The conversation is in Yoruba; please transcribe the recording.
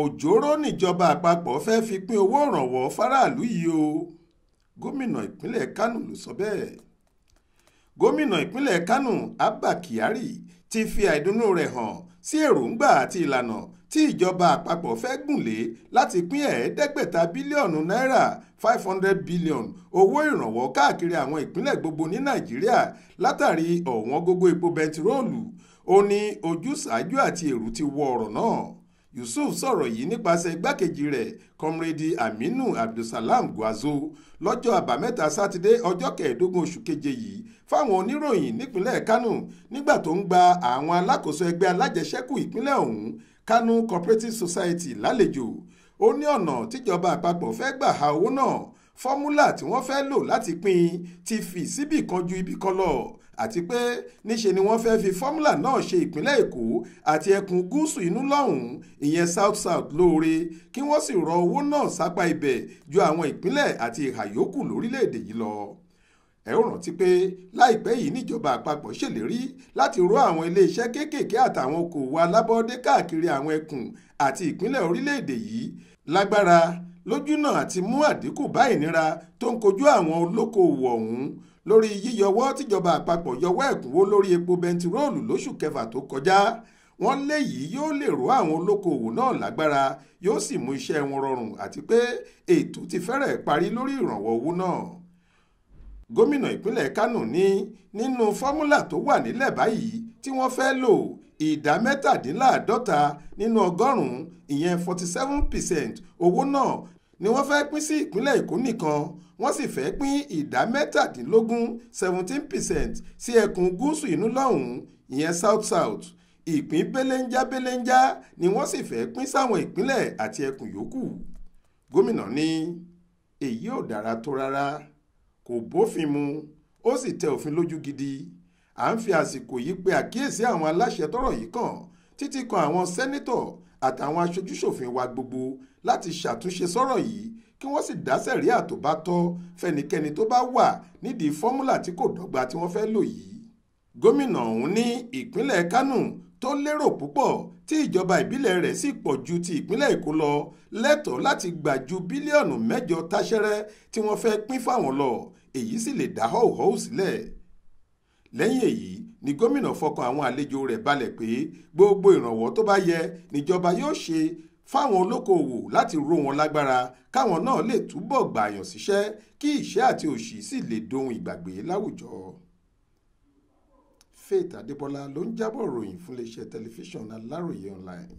òjòrò níjọba àpapọ̀ fẹ́ẹ́ fi pín owó ìrànwọ́ fáráàlú yìí o gómìnà ìpínlẹ̀ kánò ló sọ bẹ́ẹ̀ gómìnà ìpínlẹ̀ kánò abba kyari ti fi àìdùnnú rẹ̀ hàn sí èròǹgbà àti ìlànà tí ìjọba àpapọ̀ fẹ́ gùnlé láti pín ẹ̀ẹ́dẹ́gbẹ̀ta bílíọ̀nù náírà five hundred billion owó ìrànwọ́ káàkiri àwọn ìpínlẹ̀ gbogbo ní nàìjíríà látàrí ọ̀wọ́n gógó epo bẹntiróòlù ó ní ojúsàájú àti èrú ti wọ ọ̀rọ̀ náà Yusuf sọ̀rọ̀ yìí nípasẹ̀ igbákejì rẹ̀ kọmrẹ́dì Aminu Abdulsalam Gwazo lọ́jọ́ àbámẹ́ta sátidé ọjọ́ kẹẹ̀ẹ́dógún oṣù keje yìí fáwọn oníròyìn nípínlẹ̀ Kánò nígbà tó ń gba àwọn alákòóso ẹgbẹ́ alájẹṣẹ́kù ìpínlẹ̀ ọ̀hún Kano Cooperative Society lálejò ó ní ọ̀nà tíjọba àpapọ̀ fẹ́ gbà ha owó náà fọ́múlà tí wọ́n fẹ́ lò láti pín ti fi síbì kan ju ibì kan lọ àti pé níṣe ni wọ́n fẹ́ fi fọ́múlà náà ṣe ìpínlẹ̀ èkó àti ẹkùn gúúsù inú lọ́hùn-ún ìyẹn south south lóore kí wọ́n sì rọ owó náà sápá ibẹ̀ ju àwọn ìpínlẹ̀ àti ìhà yòókù lórílẹ̀‐èdè yìí lọ ẹ ó rántí pé láìpẹ́ yìí níjọba àpapọ̀ ṣèlérí láti ró àwọn iléeṣẹ́ kéékèèké àtàwọn okòwò alábọ́ọ́dé káàkiri àwọn ẹkùn àti ìpínlẹ̀ orílẹ̀-èdè yìí lágbára lójúnà àti mú àdínkù bá ìnira tó ń kojú àwọn olókoòwò ọ̀hún lórí yíyọwọ́ tíjọba àpapọ̀ yọwọ́ ẹ̀kúnwó lórí epo bẹntiróòlù lóṣù kẹfà tó kọjá wọ́n léyìí yóò lè ró àwọn olókoòwò náà lágbára yóò sì mú iṣẹ́ wọn rọrùn àti pé ètò ti fẹ́rẹ̀ parí lórí ìrànwọ́ owó náà gómìnà ìpínlẹ̀ Kánò ní nínú fọ́múlà tó wà nílẹ̀ báyìí tí wọ́n fẹ́ lò ìdá mẹ́tàdínláàádọ́ta nínú ọgọ́rùn-ún ìyẹn forty seven percent owó náà ni wọ́n fẹ́ pín sí ìpínlẹ̀ èkó nìkan wọ́n sì fẹ́ pín ìdá mẹ́tàdínlógún seventeen percent sí ẹkùn gúúsù inú lọ́hùn-ún ìyẹn south south ìpín belenja belenja ni wọ́n sì fẹ́ pín sáwọn ìpínlẹ̀ àti ẹkùn yòókù gómìnà ní èyí ò dára tó rárá kò bófin mu ó sì tẹ òfin lójú gidi à ń fi àsìkò yìí pe àkíyèsí àwọn aláṣẹ tọ́rọ̀ yìí kàn títí kan àwọn sẹ́nítọ̀ àtàwọn aṣojúṣòfin wa gbogbo láti ṣàtúnṣe sọ́rọ̀ yìí kí wọ́n sì dá sẹ̀ríà tó bá tọ́ fẹnikẹ́ni tó bá wà nídìí fọ́múlà tí kò dọ́gba tí wọ́n fẹ́ lò yìí. gómìnà ọ̀hún ní ìpínlẹ̀ kánò tó lérò púpọ̀ tí ìjọba ìbílẹ̀ rẹ̀ sì pọ̀ ju ti ìpínlẹ̀ èkó lọ lẹ́tọ̀ọ́ láti gbà ju bílíọ̀nù mẹ́jọ táṣẹ́rẹ́ tí wọ́n fẹ́ pín fáwọn lọ èyí sì lè dá họ́wùhọ́wù sílẹ̀ lẹ́yìn èyí ni gómìnà fọkàn àwọn àlejò rẹ̀ balẹ̀ pé gbogbo ìrànwọ́ tó bá yẹ níjọba yóò ṣe fáwọn olókoòwò láti ró wọn lágbára káwọn náà lè túbọ̀ gbààyàn síṣẹ́ kí ìṣẹ́ àti òṣì sì lè dohun ìgbàgbé láwùjọ. Faith Adébọlá ló ń jábọ̀ ròyìn fún iléeṣẹ́ tẹlifíṣàn Aláròye online.